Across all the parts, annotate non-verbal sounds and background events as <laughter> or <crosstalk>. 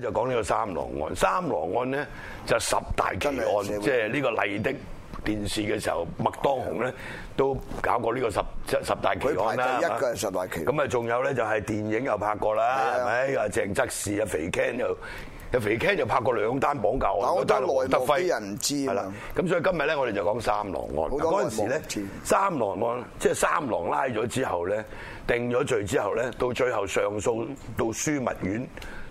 就講呢個三狼案，三狼案咧就是、十大奇案，即係呢個麗的電視嘅時候，麥當雄咧都搞過呢個十十大奇案啦。一個人十大奇案。咁啊吧，仲有咧就係、是、電影又拍過啦，係咪的？又鄭則仕啊，肥 Ken 又肥 Ken 又拍過兩單綁架案，一單得幕。人知係啦。咁的所以今日咧，我哋就講三狼案。嗰陣時咧，不不三狼案即係三狼拉咗之後咧，定咗罪之後咧，到最後上訴到樞密院。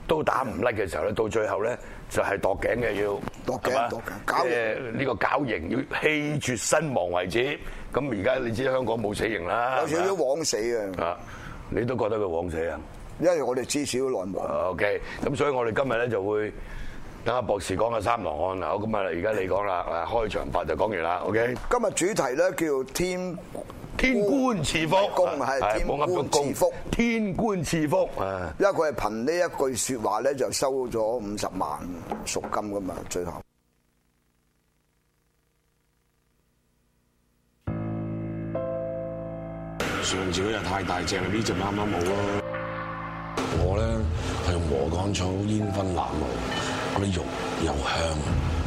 都打唔甩嘅時候咧，到最後咧就係度頸嘅要，度頸，即係呢個絞刑要氣絕身亡為止。咁而家你知香港冇死刑啦，有少少枉死嘅。啊吧，你都覺得佢枉死啊？因為我哋至少內幕。OK，咁所以我哋今日咧就會等阿博士講下三郎案好，咁啊，而家你講啦，開場白就講完啦。OK，今日主題咧叫天。天官賜福，係天官賜福，公天官賜福。因為佢係憑呢一句說話咧，就收咗五十萬贖金噶嘛，最後。上次又太大隻，剛剛呢隻啱啱好咯。我咧係用禾稈草煙熏臘肉，啲肉又香。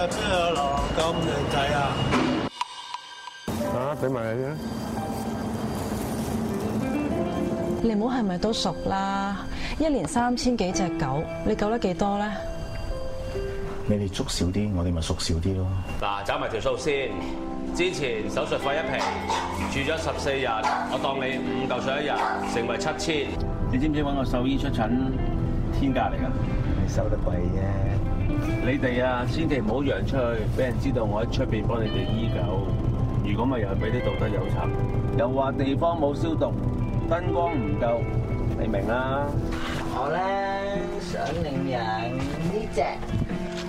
阿 c h 咁靚仔啊！啊，俾埋你啊！你唔好係咪都熟啦？一年三千幾隻狗，你救得幾多咧？你哋捉少啲，我哋咪熟少啲咯。嗱，找埋條數先。之前手術費一平，住咗十四日，我當你五嚿水一日，成為七千。你知唔知揾個獸醫出診天價嚟噶？你收得貴啫。你哋啊，千祈唔好揚出去，俾人知道我喺出邊幫你哋醫狗。如果咪又係俾啲道德有仇，又話地方冇消毒，燈光唔夠，你明啦。我呢想領養呢隻，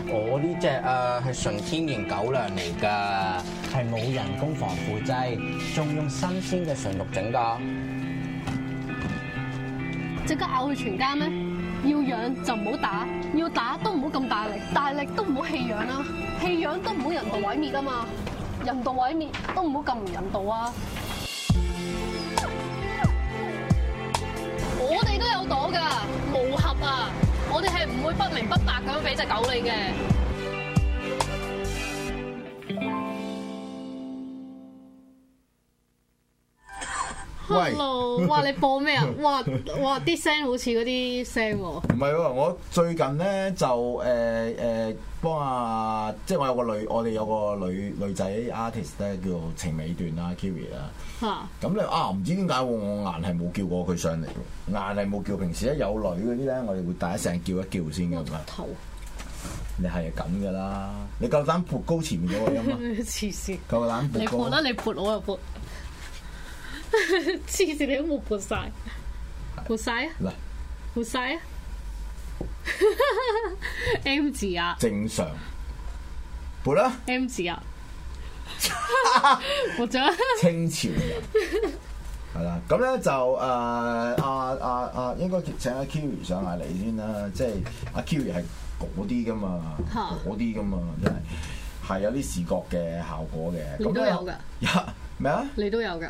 我呢隻誒係純天然狗糧嚟噶，係冇人工防腐劑，仲用新鮮嘅純肉整噶。即刻咬佢全家咩？要養就唔好打。要打都唔好咁大力，大力都唔好棄養啦，棄養都唔好人道毀滅啊嘛，人道毀滅都唔好咁唔人道啊！我哋都有躲噶，無合啊！我哋係唔會不明不白咁樣俾隻狗你嘅。Hello，哇！你播咩啊？哇哇啲聲好似嗰啲聲喎。唔係喎，我最近咧就誒誒、呃呃、幫啊，即係我有個女，我哋有個女女仔 artist 咧叫情美段啦 Kiri 啦。嚇、啊！咁你啊唔、嗯啊、知點解喎？我硬係冇叫過佢上嚟喎，硬係冇叫。平時一有女嗰啲咧，我哋會第一聲叫一叫先㗎嘛。頭，頭，你係咁㗎啦。你夠膽撥高前邊嗰個音啊！黐線， <laughs> 夠膽撥你撥得 <laughs> 你撥我又撥。黐線，你都冇撥晒，撥晒？啊？嗱，撥晒啊！M 字啊，正常撥啦。M 字啊，撥咗。清朝人係啦，咁咧就誒阿阿阿應該請阿 Q 上嚟先啦，即係阿 Q 係嗰啲㗎嘛，嗰啲㗎嘛，真係係有啲視覺嘅效果嘅。你都有㗎？咩啊？你都有㗎？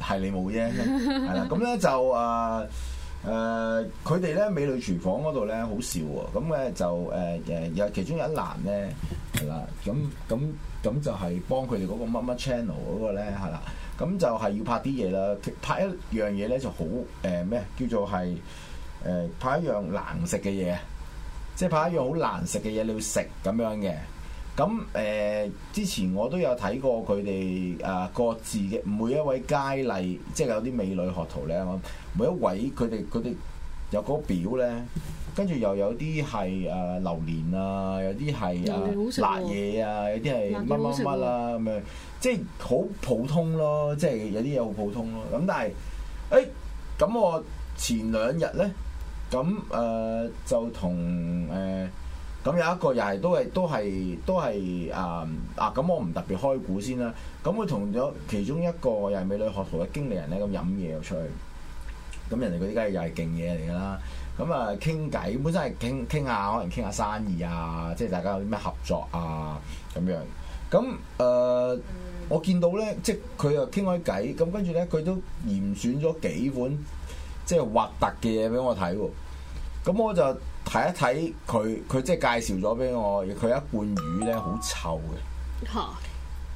係你冇啫，係啦，咁咧就誒誒，佢哋咧美女廚房嗰度咧好少喎，咁咧就誒誒有其中有一欄咧係啦，咁咁咁就係幫佢哋嗰個乜乜 channel 嗰個咧係啦，咁就係要拍啲嘢啦，拍一樣嘢咧就好誒咩叫做係誒、呃、拍一樣難食嘅嘢，即係拍一樣好難食嘅嘢你要食咁樣嘅。咁誒、呃、之前我都有睇過佢哋啊各自嘅每一位佳麗，即係有啲美女學徒咧，每一位佢哋佢哋有個表咧，跟住又有啲係啊榴蓮啊，有啲係辣嘢啊，有啲係乜乜乜啦咁樣，即係好普通咯，即係有啲嘢好普通咯。咁但係誒咁我前兩日咧，咁誒、呃、就同誒。呃咁有一個又係都係都係都係啊啊！咁我唔特別開估先啦。咁佢同咗其中一個又係美女學徒嘅經理人咧，咁飲嘢又出去。咁人哋嗰啲梗係又係勁嘢嚟噶啦。咁啊傾偈，本身係傾傾下，可能傾下生意啊，即係大家有啲咩合作啊咁樣。咁誒、啊，我見到咧，即係佢又傾開偈。咁跟住咧，佢都嚴選咗幾款即係核突嘅嘢俾我睇喎。咁我就～睇一睇佢，佢即係介紹咗俾我，佢一罐魚咧好臭嘅。嚇！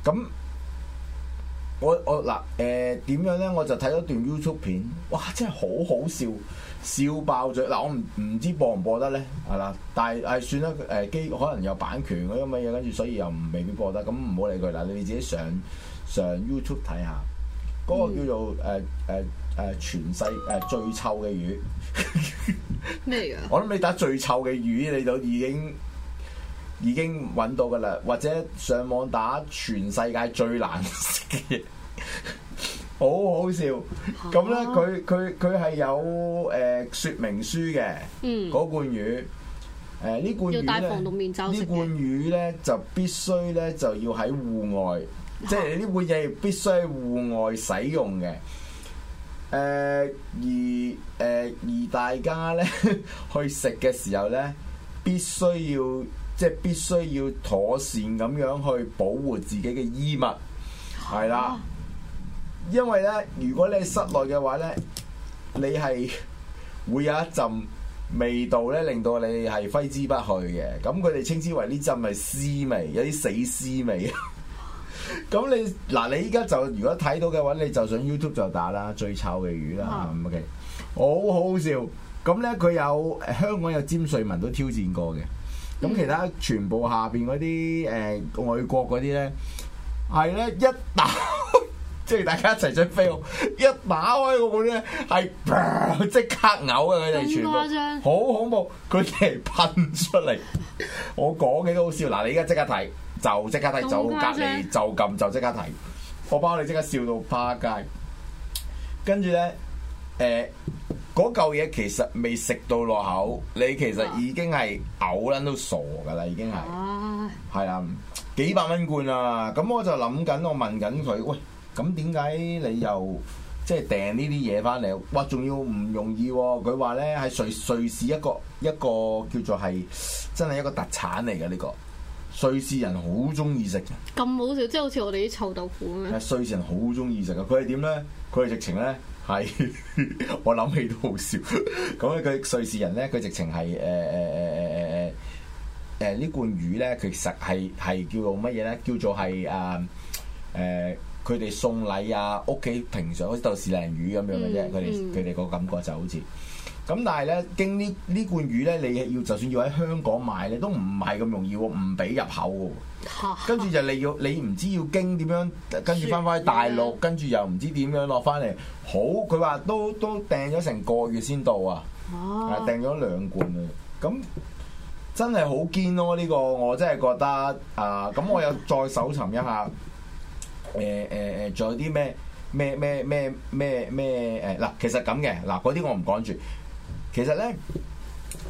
咁我我嗱誒點樣咧？我就睇咗段 YouTube 片，哇！真係好好笑，笑爆咗。嗱、呃，我唔唔知播唔播得咧，係啦。但係誒算啦，誒、呃、機可能有版權嗰啲咁嘅嘢，跟住所以又唔未必播得。咁唔好理佢啦，你哋自己上上 YouTube 睇下，嗰、那個叫做誒誒。嗯呃呃誒，全世界最臭嘅魚咩 <laughs> 㗎？我諗你打最臭嘅魚，你就已經已經揾到㗎喇，或者上網打全世界最難食嘅嘢，好好笑。咁咧、啊，佢佢佢係有誒、呃、說明書嘅。嗰、嗯、罐魚誒呢、呃、罐，罐魚呢罐魚咧就必須咧就要喺戶外，啊、即係呢罐嘢必須喺戶外使用嘅。誒、呃、而誒、呃、而大家咧去食嘅時候咧，必須要即係必須要妥善咁樣去保護自己嘅衣物，係啦、啊。因為咧，如果你喺室內嘅話咧，你係會有一陣味道咧，令到你係揮之不去嘅。咁佢哋稱之為呢陣係屍味，有啲死屍味。咁你嗱，你依家就如果睇到嘅話，你就上 YouTube 就打啦，最臭嘅魚啦、嗯，OK，好好笑。咁咧佢有香港有詹瑞文都挑戰過嘅，咁其他全部下邊嗰啲誒外國嗰啲咧係咧一打， <laughs> 即係大家一齊想飛舞，一打開個碗咧係，即刻嘔嘅佢哋全部，好恐怖，佢哋係噴出嚟。我講嘅都好笑，嗱你而家即刻睇。就即刻睇，就隔籬就撳就即刻睇，我包你即刻笑到趴街。跟住咧，誒嗰嚿嘢其實未食到落口，你其實已經係嘔撚都傻噶啦，已經係，係啊哇幾百蚊罐啊！咁我就諗緊，我問緊佢，喂，咁點解你又即係、就是、訂呢啲嘢翻嚟？哇，仲要唔容易喎，啊！佢話咧喺瑞瑞士一個一個叫做係真係一個特產嚟嘅呢個。瑞士人好中意食，咁好笑，即係好似我哋啲臭豆腐咁樣。係瑞士人好中意食啊！佢係點咧？佢係直情咧係， <laughs> 我諗起都好笑。咁咧，佢瑞士人咧，佢直情係誒誒誒誒誒誒誒呢罐魚咧，其實係係叫做乜嘢咧？叫做係誒誒，佢哋送禮啊，屋企平常好似豆豉鯪魚咁樣嘅啫。佢哋佢哋個感覺就好似。咁但係咧，經呢呢罐魚咧，你要就算要喺香港買咧，都唔係咁容易，唔俾入口嘅。 <laughs> 跟住就你要，你唔知要經點樣，跟住翻翻去大陸， <laughs> 跟住又唔知點樣落翻嚟。好，佢話都都，都訂咗成個月先到啊！ <laughs> 啊哦，訂咗兩罐啊！咁真係好堅咯！呢個我真係覺得啊！咁我又再搜尋一下，誒誒誒，仲、欸、有啲咩咩咩咩咩咩誒嗱，其實咁嘅嗱，嗰啲我唔講住。其實咧，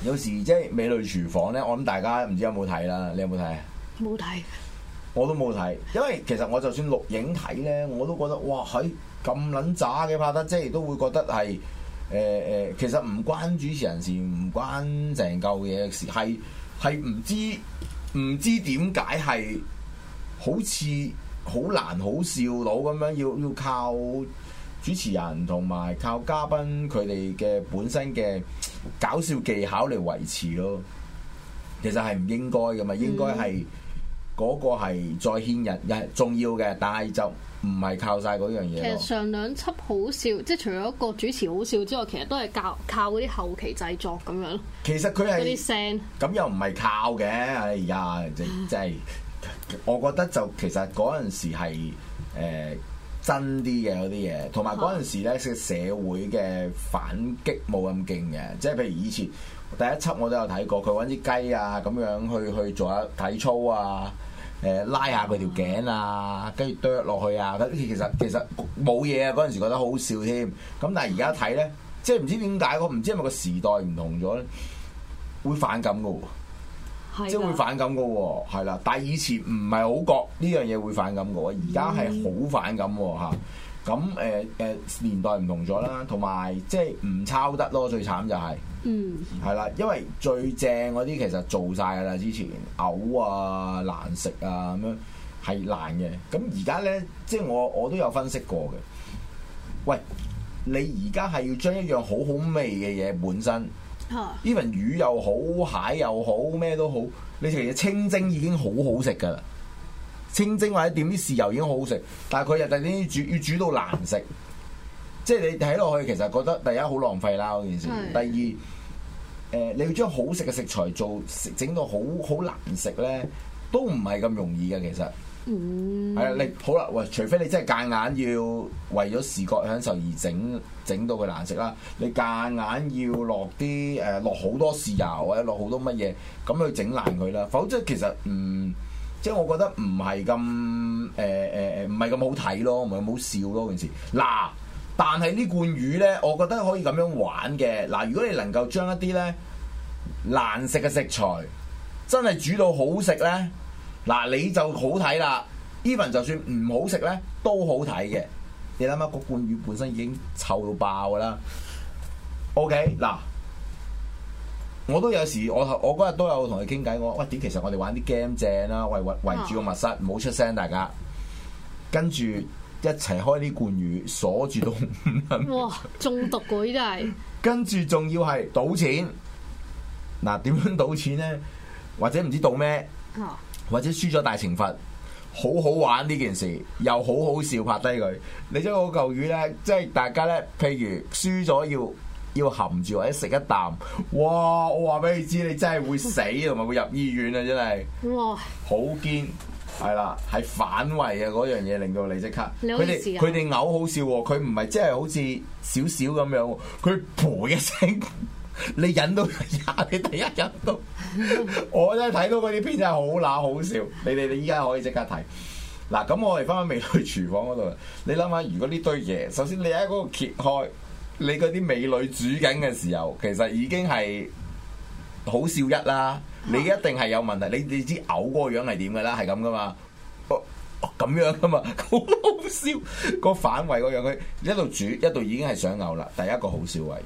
有時即係《美女廚房》咧，我諗大家唔知有冇睇啦。你有冇睇啊？冇睇？我都冇睇。因為其實我就算錄影睇咧，我都覺得哇，喺咁撚渣嘅拍得，即係都會覺得係誒誒，其實唔關主持人事，唔關成嚿嘢事，係係唔知唔知點解係好似好難好笑到咁樣，要要靠，主持人同埋靠嘉賓佢哋嘅本身嘅搞笑技巧嚟維持咯，其實，係唔應該嘅嘛，應該係嗰個係再獻人又係重要嘅，但係就唔係靠晒嗰樣嘢。其實上兩輯好笑，即係除咗一個主持好笑之外，其實都係靠靠啲後期製作咁樣咯。其實，佢係嗰啲聲，咁又唔係靠嘅。哎呀，即真真係我覺得就其實嗰陣時係誒。欸真啲嘅嗰啲嘢，同埋嗰陣時咧，即係社會嘅反擊冇咁勁嘅，即係譬如以前第一輯我都有睇過，佢揾啲雞啊咁樣去去做下體操啊，誒拉下佢條頸啊，跟住剁落去啊，跟住其實其實冇嘢啊，嗰陣時覺得好笑添，咁但係而家睇咧，呢即係唔知點解我唔知係咪個時代唔同咗咧，會反感嘅喎。是即係會反感嘅喎，係啦，但係以前唔係好覺呢樣嘢會反感嘅喎，而家係好反感喎嚇。咁誒誒年代唔同咗啦，同埋即係唔抄得咯，最慘就係、是，係啦、嗯，因為最正嗰啲其實做晒嘅啦，之前嘔啊難食啊咁樣係難嘅。咁而家咧，即係我我都有分析過嘅。喂，你而家係要將一樣好好味嘅嘢本身？呢份魚又好，蟹又好，咩都好，你其實清蒸已經好好食噶啦，清蒸或者點啲豉油已經好好食，但係佢又突然煮，要煮到難食，即係你睇落去其實覺得第一好浪費啦嗰件事，是 第二，誒、呃、你要將好食嘅食材做整到好好難食咧，都唔係咁容易嘅其實，係啊、嗯，你好啦，喂、呃，除非你真係硬眼要為咗視覺享受而整。整到佢難食啦，你夾硬要落啲誒落好多豉油或者落好多乜嘢，咁去整爛佢啦。否則其實嗯，即係我覺得唔係咁誒誒誒，唔係咁好睇咯，唔係咁好笑咯，件事嗱，但係呢罐魚呢，我覺得可以咁樣玩嘅嗱。如果你能夠將一啲呢難食嘅食材真係煮到好食呢，嗱你就好睇啦。Even 就算唔好食呢，都好睇嘅。你諗下個罐魚本身已經臭到爆噶啦。OK 嗱，我都有時我我嗰日都有同佢傾偈，我喂，點其實我哋玩啲 game 正啦、啊，喂圍圍住個密室，唔好、哦、出聲，大家跟住一齊開啲罐魚，鎖住都 <laughs> 哇！中毒鬼真係。跟住仲要係賭錢，嗱點樣賭錢咧？或者唔知賭咩？哦、或者輸咗大懲罰。好好玩呢件事，又好好笑，拍低佢。你將嗰嚿魚呢？即係大家呢，譬如輸咗要要含住或者食一啖。哇！我話俾你知，你真係會死同埋會入醫院啊！真係。哇！好堅係啦，係反胃啊！嗰樣嘢令到你即刻。佢哋佢哋嘔，好笑，佢唔係即係好似少少咁樣，佢噗一聲。 <laughs> 你忍到呀？ <laughs> 你第一忍到， <laughs> 我真係睇到嗰啲片真係好乸好笑。 <laughs> 你哋你依家可以即刻睇。嗱，咁我哋翻返美女廚房嗰度。你諗下，如果呢堆嘢，首先你喺嗰度揭開你嗰啲美女煮緊嘅時候，其實已經係好笑一啦。你一定係有問題。你你知嘔嗰個樣係點噶啦？係咁噶嘛？咁、啊啊啊、樣噶嘛？好 <laughs> 好笑，個反胃個樣，佢一度煮一度已經係想嘔啦。第一個好笑位。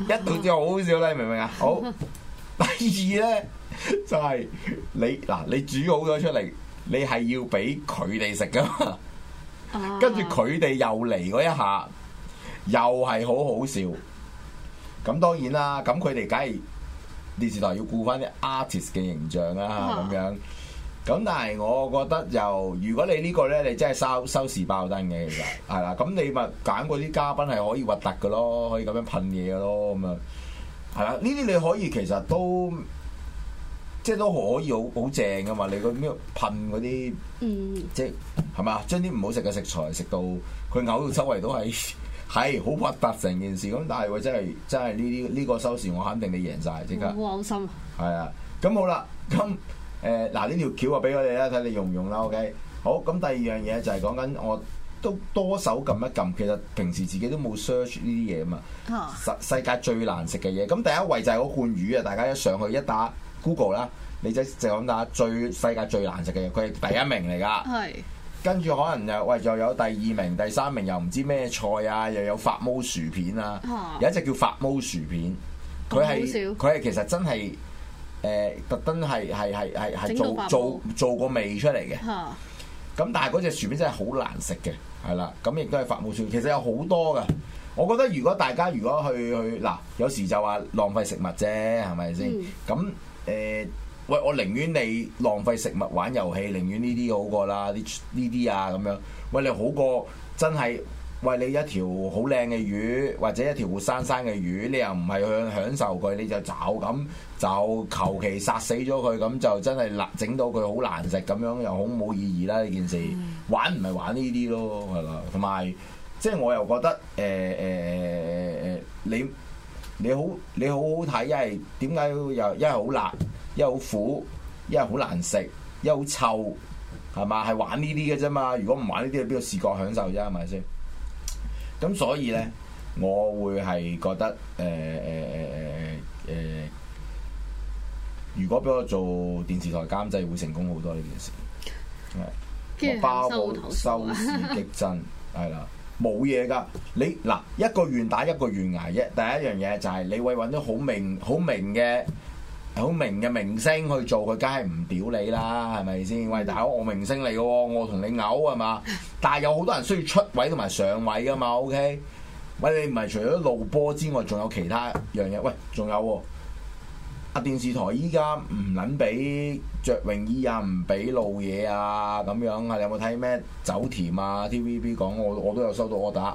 一度就好好笑啦，你明唔明啊？好， <laughs> 第二咧就係、是、你嗱，你煮好咗出嚟，你係要俾佢哋食噶嘛，跟住佢哋又嚟嗰一下，又係好好笑。咁當然啦，咁佢哋梗係電視台要顧翻啲 artist 嘅形象啦，咁、uh huh. 樣。咁但係我覺得又，如果你個呢個咧，你真係收收視爆燈嘅其實係啦，咁你咪揀嗰啲嘉賓係可以核突嘅咯，可以咁樣噴嘢嘅咯，咁樣係啦，呢啲你可以其實都即係都可以好好正嘅嘛，你個咩噴嗰啲，嗯、即係係咪啊？將啲唔好食嘅食材食到佢嘔到周圍都係，係好核突成件事咁，但係佢真係真係呢呢呢個收視我肯定你贏晒，即刻，好放心。係啊，咁好啦，咁。誒嗱呢條橋啊，俾我哋啦，睇你用唔用啦，OK？好咁，第二樣嘢就係講緊，我都多手撳一撳，其實平時自己都冇 search 呢啲嘢嘛。世、啊、世界最難食嘅嘢，咁第一位就係嗰罐魚啊！大家一上去一打 Google 啦，你就就咁打最世界最難食嘅嘢，佢係第一名嚟㗎。係是。跟住可能又喂又有第二名、第三名，又唔知咩菜啊，又有發毛薯片啊，啊有一隻叫發毛薯片，佢係佢係其實真係。誒、呃，特登係係係係係做做做，做，做個味出嚟嘅，咁、啊、但係嗰隻薯片真係好難食嘅，係啦，咁亦都係法無善。其實有好多嘅，我覺得如果大家如果去去嗱、啊，有時就話浪費食物啫，係咪先？咁誒、嗯呃，喂，我寧願你浪費食物玩遊戲，寧願呢啲好過啦，啲呢啲啊咁樣，喂，你好過真係。喂，你一條好靚嘅魚，或者一條活生生嘅魚，你又唔係去享受佢，你就抓咁就求其殺死咗佢，咁就真係難整到佢好難食咁樣又，又好冇意義啦！呢件事玩唔係玩呢啲咯，係啦，同埋即係我又覺得誒誒誒你你好你好好睇，因為點解又因為好辣，因為好苦，因為好難食，因為好臭，係嘛？係玩呢啲嘅啫嘛。如果唔玩呢啲，你邊個視覺享受啫？係咪先？咁所以咧，我會係覺得誒誒誒誒誒，如果俾我做電視台監製，會成功好多呢件事。係後，我包保收，啊、 <laughs> 收視激增，係啦，冇嘢噶。你嗱一個願打一個願捱啫。第一樣嘢就係、是、你會搵到好明好明嘅。好明嘅明星去做，佢梗係唔屌你啦，係咪先？喂，大佬，我明星嚟嘅，我同你嘔係嘛？但係有好多人需要出位同埋上位噶嘛？OK，喂，你唔係除咗露波之外，仲有其他樣嘢？喂，仲有阿、啊、電視台依家唔撚俾着泳衣啊，唔俾露嘢啊，咁樣啊？你有冇睇咩酒田啊？TVB 講，我我都有收到 order。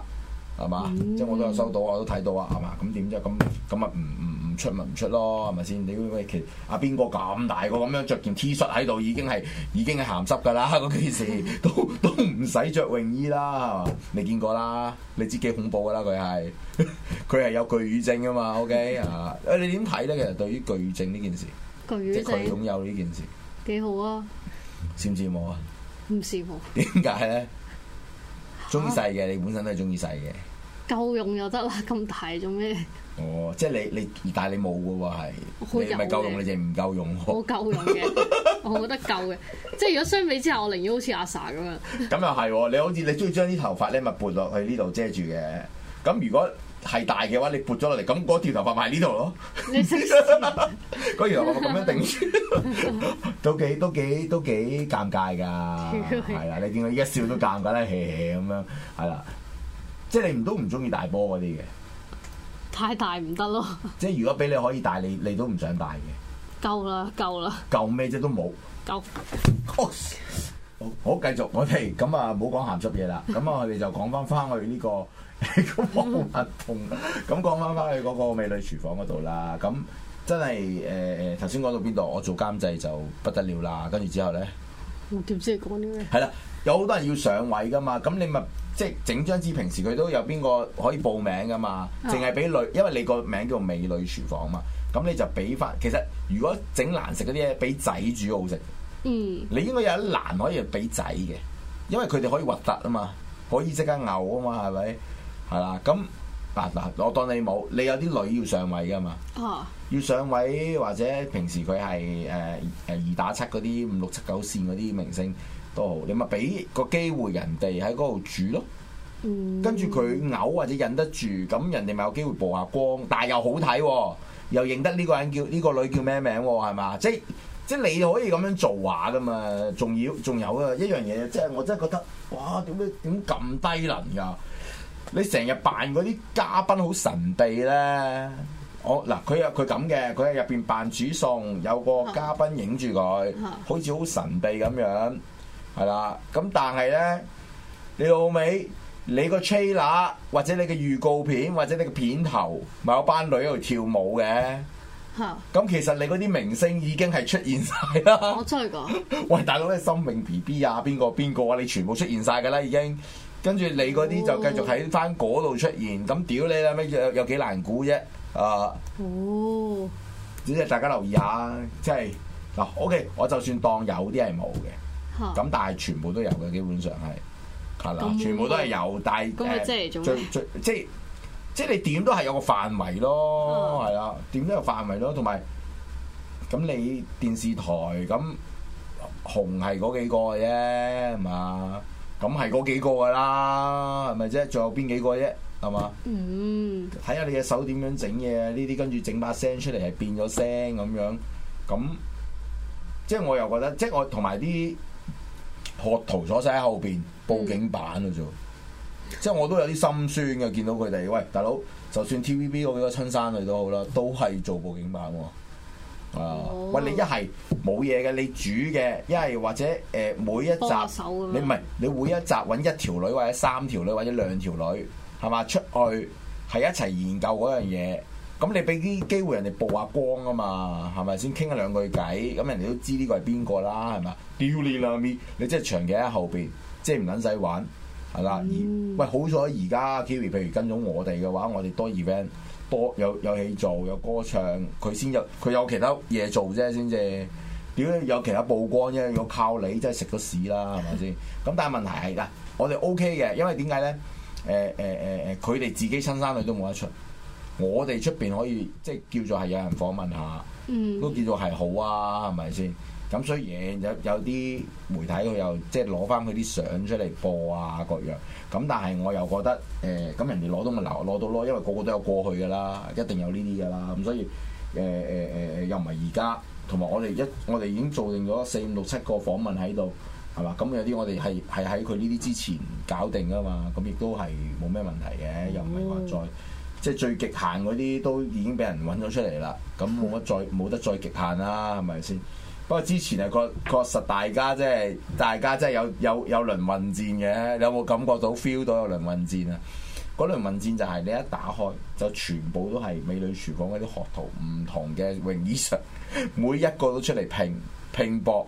係嘛？即係我都有收到，我都睇到啊，係嘛？咁點啫？咁咁啊，唔唔唔出咪唔出咯，係咪先？你喂，其阿邊個咁大個咁樣着件 T 恤喺度，已經係已經係鹹濕㗎啦！嗰件事都都唔使着泳衣啦，你見過啦？你知幾恐怖㗎啦？佢係佢係有巨乳症啊嘛？OK <laughs> 啊？誒，你點睇咧？其實對於巨乳症呢件事，巨乳症乳 即佢擁有呢件事，幾好啊？羨唔羨慕啊？唔羨慕。點解咧？中意細嘅，啊、你本身都係中意細嘅。夠用又得啦，咁大做咩？哦，oh, 即係你你，你，但係你冇嘅喎，係你唔係夠用，你淨唔夠用。我夠用嘅， <laughs> 我覺得夠嘅。即係如果相比之下，我寧願好似阿 Sa 咁樣。咁又係，你好似你中意將啲頭髮咧，咪撥落去呢度遮住嘅。咁如果。太大嘅話你撥，你撥咗落嚟，咁嗰條頭髮埋呢度咯。原來，我我咁樣頂住，都幾都幾都幾尷尬噶，係啦原來，你見到依家笑都尷尬啦，hea 咁樣，係啦，即係你都唔中意大波嗰啲嘅，太大唔得咯。即係如果俾你可以大，你你都唔想大嘅，夠啦，夠啦，夠咩啫？都冇夠，夠、哦。好，我繼續，我哋咁啊，唔好講鹹濕嘢啦，咁啊，我哋就講翻翻去呢、這個。咁我唔同，咁 <laughs> <laughs> <laughs> 講翻翻去嗰個美女廚房嗰度啦。咁真係誒誒，頭、呃、先講到邊度？我做監製就不得了啦。跟住之後咧，我點知你講啲咩？係啦，有好多人要上位噶嘛。咁你咪即係整張紙，平時佢都有邊個可以報名噶嘛？淨係俾女，因為你個名叫美女廚房嘛。咁你就俾翻。其實如果整難食嗰啲嘢，俾仔煮好食。嗯，你應該有一欄可以俾仔嘅，因為佢哋可以核突啊嘛，可以即刻嘔啊嘛，係咪？係啦，咁嗱嗱，我當你冇，你有啲女要上位噶嘛？啊、要上位或者平時佢係誒誒二打七嗰啲五六七九線嗰啲明星都好，你咪俾個機會人哋喺嗰度住咯。跟住佢嘔或者忍得住，咁人哋咪有機會曝下光，但係又好睇、哦，又認得呢個人叫呢、呢個女叫咩名喎、哦？係嘛，即即你可以咁樣做話噶嘛？仲要仲有啊，一樣嘢，即、就、係、是、我真係覺得，哇！點解點咁低能噶？你成日扮嗰啲嘉賓好神秘咧，我嗱佢又佢咁嘅，佢喺入邊扮主送，有個嘉賓影住佢，啊、好似好神秘咁樣，係啦。咁但係咧，你老味，你個 trailer 或者你嘅預告片或者你嘅片頭，咪有班女喺度跳舞嘅，咁、啊、其實你嗰啲明星已經係出現晒啦。我真係噶， <laughs> 喂大佬，你生命 BB 啊？邊個邊個啊？你全部出現晒噶啦已經。跟住你嗰啲就繼續喺翻嗰度出現，咁屌、哦、你啦，咩有有幾難估啫？啊、呃！哦，只係大家留意下，即係嗱，OK，我就算當有啲係冇嘅，咁但係全部都有嘅，基本上係係啦，全部都係有，但係最最即係即係你點都係有個範圍咯，係啦、嗯，點都有範圍咯，同埋咁你電視台咁紅係嗰幾個嘅啫，係嘛？咁係嗰幾個㗎啦，係咪啫？仲有邊幾個啫？係嘛？睇下、嗯、你嘅手點樣整嘢，呢啲跟住整把聲出嚟係變咗聲咁樣。咁即係我又覺得，即係我同埋啲學徒坐曬喺後邊，佈景板啊，啫、嗯。即係我都有啲心酸嘅，見到佢哋。喂，大佬，就算 T V B 嗰幾個親生女都好啦，都係做佈景板喎。啊！喂、嗯、你一係冇嘢嘅，你煮嘅一係或者誒、呃、每一集，你唔係你每一集揾一條女或者三條女或者兩條女係嘛？出去係一齊研究嗰樣嘢，咁你俾啲機會人哋曝下光啊嘛，係咪先傾一兩句偈？咁人哋都知呢個係邊個啦，係咪？屌你啦咪！ <music> 你即係長期喺後邊，即係唔撚使玩係啦。嗯、喂好彩而家 Kerry 譬如跟咗我哋嘅話，我哋多 event。多有，有戲做，有歌唱，佢先有佢有其他嘢做啫先至點解有其他曝光啫？如果靠你真係食咗屎啦，係咪先？咁但係問題係嗱，我哋 OK 嘅，因為點解咧？誒誒誒誒，佢、呃、哋自己親生女都冇得出，我哋出邊可以即係叫做係有人訪問下，都叫做係好啊，係咪先？咁雖然有有啲媒體佢又即係攞翻佢啲相出嚟播啊，各樣咁，但係我又覺得誒咁、呃、人哋攞到咪留攞到咯，因為個個都有過去噶啦，一定有呢啲噶啦。咁所以誒誒誒又唔係而家，同埋我哋一我哋已經做定咗四五六七個訪問喺度係嘛。咁有啲我哋係係喺佢呢啲之前搞定噶嘛，咁亦都係冇咩問題嘅，又唔係話再、嗯、即係最極限嗰啲都已經俾人揾咗出嚟啦。咁冇乜再冇、嗯、得再極限啦，係咪先？不過之前係確確實大家即係大家即係有有有輪混戰嘅，你有冇感覺到 feel 到有輪混戰啊？嗰輪混戰就係你一打開就全部都係美女廚房嗰啲學徒，唔同嘅泳衣每一個都出嚟拼拼搏，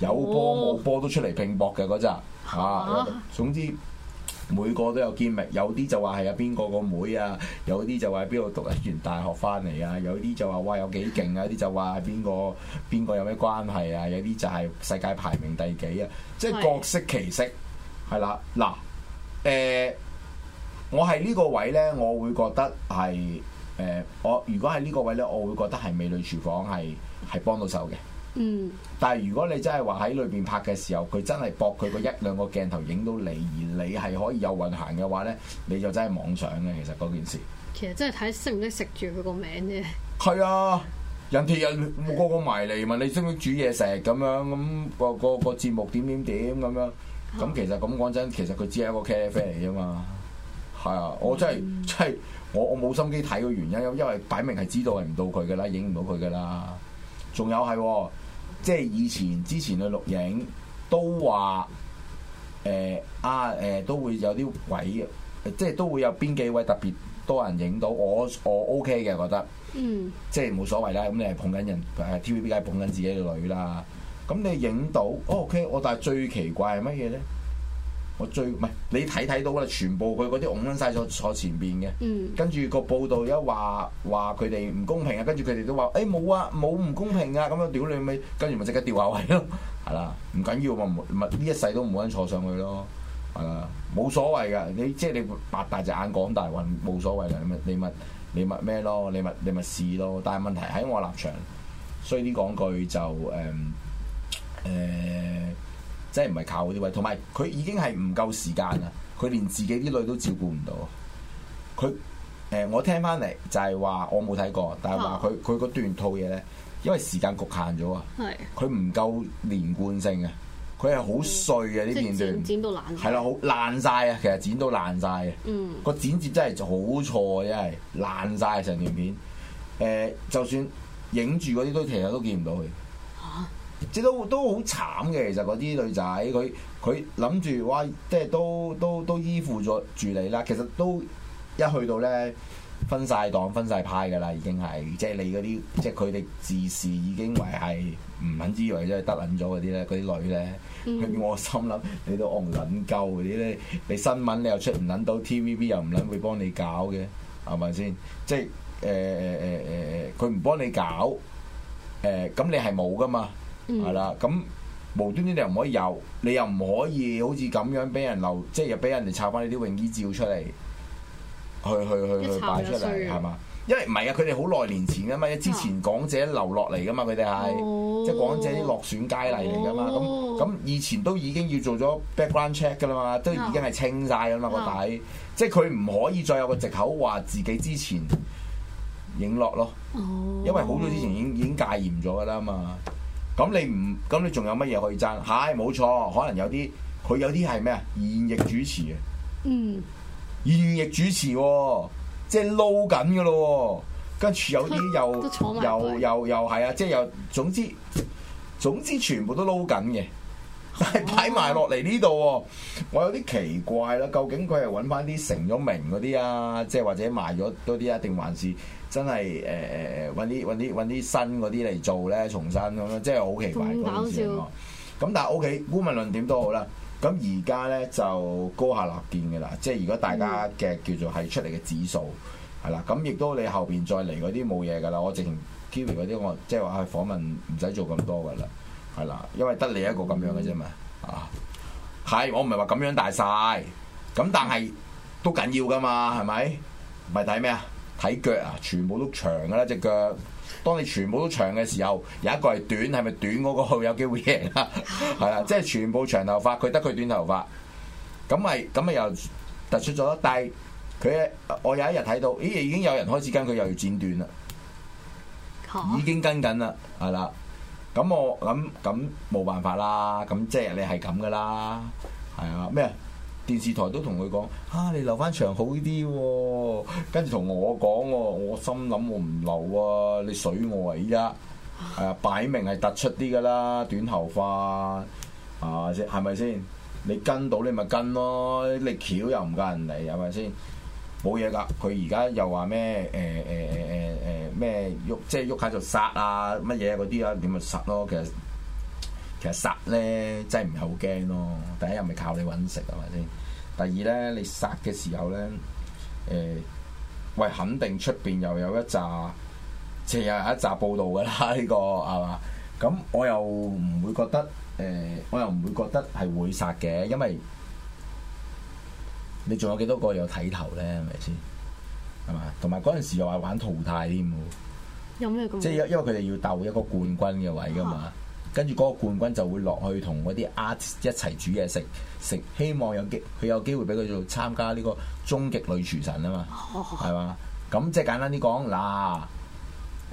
有波冇波都出嚟拼搏嘅嗰陣嚇，總之。每個都有見面，有啲就話係啊邊個個妹啊，有啲就話喺邊度讀完大學翻嚟啊，有啲就話哇有幾勁啊，有啲就話邊個邊個有咩關係啊，有啲就係世界排名第幾啊，即係各色其色，係啦是，嗱，誒、呃，我喺呢個位呢，我會覺得係誒、呃，我如果喺呢個位呢，我會覺得係美女廚房係係幫到手嘅。嗯，但係如果你真係話喺裏邊拍嘅時候，佢真係搏佢個一兩個鏡頭影到你，而你係可以有運行嘅話咧，你就真係妄想嘅。其實嗰件事，其實真係睇識唔識食住佢個名啫。係 <laughs> 啊，人哋、啊、人個個埋嚟問你識唔識煮嘢食咁樣，咁、那個個個節目點點點咁樣。咁、哦、其實咁講真，其實佢只係一個 cafe 嚟啫嘛。係啊， <laughs> 我真係、嗯、真係我我冇心機睇個原因，因因為擺明係知道係唔到佢噶啦，影唔到佢噶啦。仲有係。即係以前之前去錄影都話誒、呃、啊誒、呃、都會有啲位，即係都會有邊幾位特別多人影到我，我 OK 嘅覺得，嗯，即係冇所謂啦。咁你係捧緊人誒 TVB 梗係捧緊自己嘅女啦。咁你影到、哦、OK，我、哦、但係最奇怪係乜嘢咧？我最唔係你睇睇到啦，全部佢嗰啲擁曬坐坐前邊嘅，跟住、嗯、個報道一話話佢哋唔公平啊，跟住佢哋都話，誒、欸、冇啊冇唔公平啊，咁樣屌你咪，跟住咪即刻掉下位咯，係啦、嗯，唔緊要嘛，咪呢一世都唔好揾坐上去咯，係啦，冇所謂噶，你即係你擘大隻眼講大話冇所謂噶，你咪你咪你咪咩咯，你咪你咪試咯，但係問題喺我立場，衰啲講句就誒誒。嗯嗯嗯嗯即係唔係靠嗰啲位，同埋佢已經係唔夠時間啦，佢連自己啲女都照顧唔到。佢誒、呃，我聽翻嚟就係話，我冇睇過，但係話佢佢嗰段套嘢咧，因為時間局限咗啊，佢唔是 夠連貫性嘅，佢係好碎嘅呢、嗯、段段。剪到爛係啦，好爛晒啊！其實剪到爛晒嘅，個、嗯、剪接真係好錯啊！真係爛晒成段片。誒、呃，就算影住嗰啲都其實都見唔到佢。即都都好慘嘅，其實嗰啲女仔，佢佢諗住哇，即係都都都依附咗住你啦。其實都一去到咧，分晒黨、分晒派嘅啦，已經係即係你嗰啲，即係佢哋自視已經為係唔肯之為即係得撚咗嗰啲咧，嗰啲女咧。我、mm. 心諗你都戇撚鳩嗰啲咧，你新聞你又出唔撚到，TVB 又唔撚佢幫你搞嘅，係咪先？即係誒誒誒誒，佢、欸、唔、欸欸、幫你搞，誒、欸、咁你係冇噶嘛。係啦，咁、嗯嗯、無端端你又唔可以有，你又唔可以好似咁樣俾人留，即係又俾人哋拆翻你啲泳衣照出嚟，去,去去去去擺出嚟係嘛？因為唔係啊，佢哋好耐年前噶嘛，之前港姐留落嚟噶嘛，佢哋係即係港姐啲落選佳麗嚟噶嘛。咁咁、哦、以前都已經要做咗 background check 噶啦嘛，都已經係清晒㗎嘛、哦、個底，哦、即係佢唔可以再有個藉口話自己之前影落咯，因為好早之前已經已經戒嚴咗㗎啦嘛。咁你唔，咁你仲有乜嘢可以爭？係、哎、冇錯，可能有啲佢有啲係咩啊？現役主持嘅，嗯，現役主持喎、哦，即係撈緊㗎咯，跟住有啲又又又又係啊！即係又總之總之全部都撈緊嘅。擺埋落嚟呢度，我有啲奇怪啦。究竟佢係揾翻啲成咗名嗰啲啊，即係或者賣咗嗰啲啊，定還是真係誒誒誒揾啲啲啲新嗰啲嚟做咧重新咁樣？即係好奇怪嘅公司咁。但係 O K，姑勿論點都好啦。咁而家咧就高下立見嘅啦。即係如果大家嘅叫做係出嚟嘅指數係啦，咁亦、嗯、都你後邊再嚟嗰啲冇嘢噶啦。我直情 Kerry 嗰啲我即係話去訪問，唔使做咁多噶啦。係啦，因為得你一個咁樣嘅啫嘛，啊，係我唔係話咁樣大晒，咁但係都緊要噶嘛，係咪？唔係睇咩啊？睇腳啊，全部都長噶啦隻腳，當你全部都長嘅時候，有一個係短，係咪短嗰個有機會贏啊？係啦， <laughs> 即係全部長頭髮，佢得佢短頭髮，咁咪咁咪又突出咗。但係佢，我有一日睇到，咦，已經有人開始跟佢又要剪短啦，好已經跟緊啦，係啦。咁我咁咁冇辦法啦，咁即係你係咁噶啦，係啊咩？電視台都同佢講，嚇、啊、你留翻長好啲喎，哦，跟住同我講喎，我心諗我唔留啊，你水我啊依家。係啊，擺明係突出啲噶啦，短頭髮係咪先？係咪先？你跟到你咪跟咯，你橋又唔夠人嚟，係咪先？冇嘢噶，佢而家又話咩？誒誒誒誒誒咩？喐、呃呃呃、即係喐下就殺啊乜嘢嗰啲啊，點咪殺咯？其實其實殺咧真係唔係好驚咯。第一又咪靠你揾食係咪先？第二咧，你殺嘅時候咧，誒、呃、喂，肯定出邊又有一紮，即係又有一紮報道㗎啦。呢、呢個係嘛？咁我又唔會覺得誒、呃，我又唔會覺得係會殺嘅，因為。你仲有幾多個有睇頭咧？係咪先？係嘛？同埋嗰陣時又話玩淘汰添喎。有咩？即係因因為佢哋要鬥一個冠軍嘅位㗎嘛，跟住嗰個冠軍就會落去同嗰啲 artist 一齊煮嘢食，食希望有機佢有機會俾佢做參加呢個終極女廚神啊嘛，係嘛？咁即係簡單啲講嗱。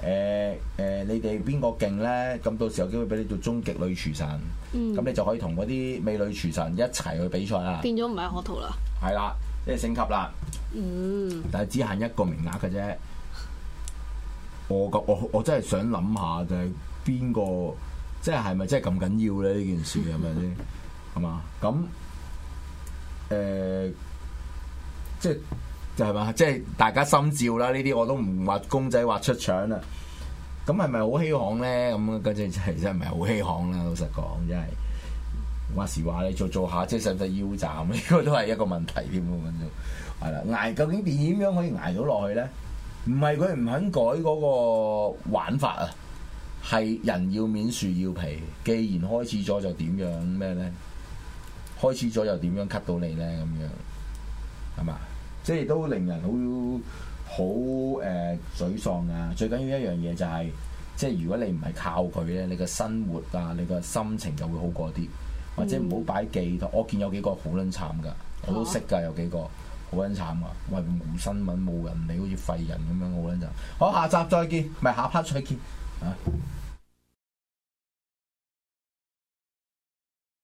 誒誒、呃呃，你哋邊個勁咧？咁到時有機會俾你做終極女廚神，咁、嗯、你就可以同嗰啲美女廚神一齊去比賽啦。變咗唔係學徒啦，係啦，即係升級啦。嗯。但係只限一個名額嘅啫。我我我真係想諗下，就係邊個，即係係咪真係咁緊要咧？呢件事係咪先？係嘛？咁誒即係。就係嘛，即係大家心照啦。呢啲我都唔畫公仔畫出腸啦。咁係咪好稀罕咧？咁跟住真係真係唔係好稀罕啦。老實講，真係話時話你做做下，即係使唔使腰斬？呢個都係一個問題添。咁就係啦，捱、嗯、究竟點樣可以捱到落去咧？唔係佢唔肯改嗰個玩法啊，係人要面，樹要皮。既然開始咗，就點樣咩咧？開始咗又點樣 cut 到你咧？咁樣係嘛？即係都令人好好誒沮喪啊！最緊要一樣嘢就係、是，即係如果你唔係靠佢呢，你嘅生活啊，你嘅心情就會好過啲，或者唔好擺忌頭。嗯、我見有幾個好撚慘噶，我都識噶、啊、有幾個好撚慘噶，喂，無新聞、冇人理，好似廢人咁樣，好撚就，好下集再見，咪下 part 再見啊！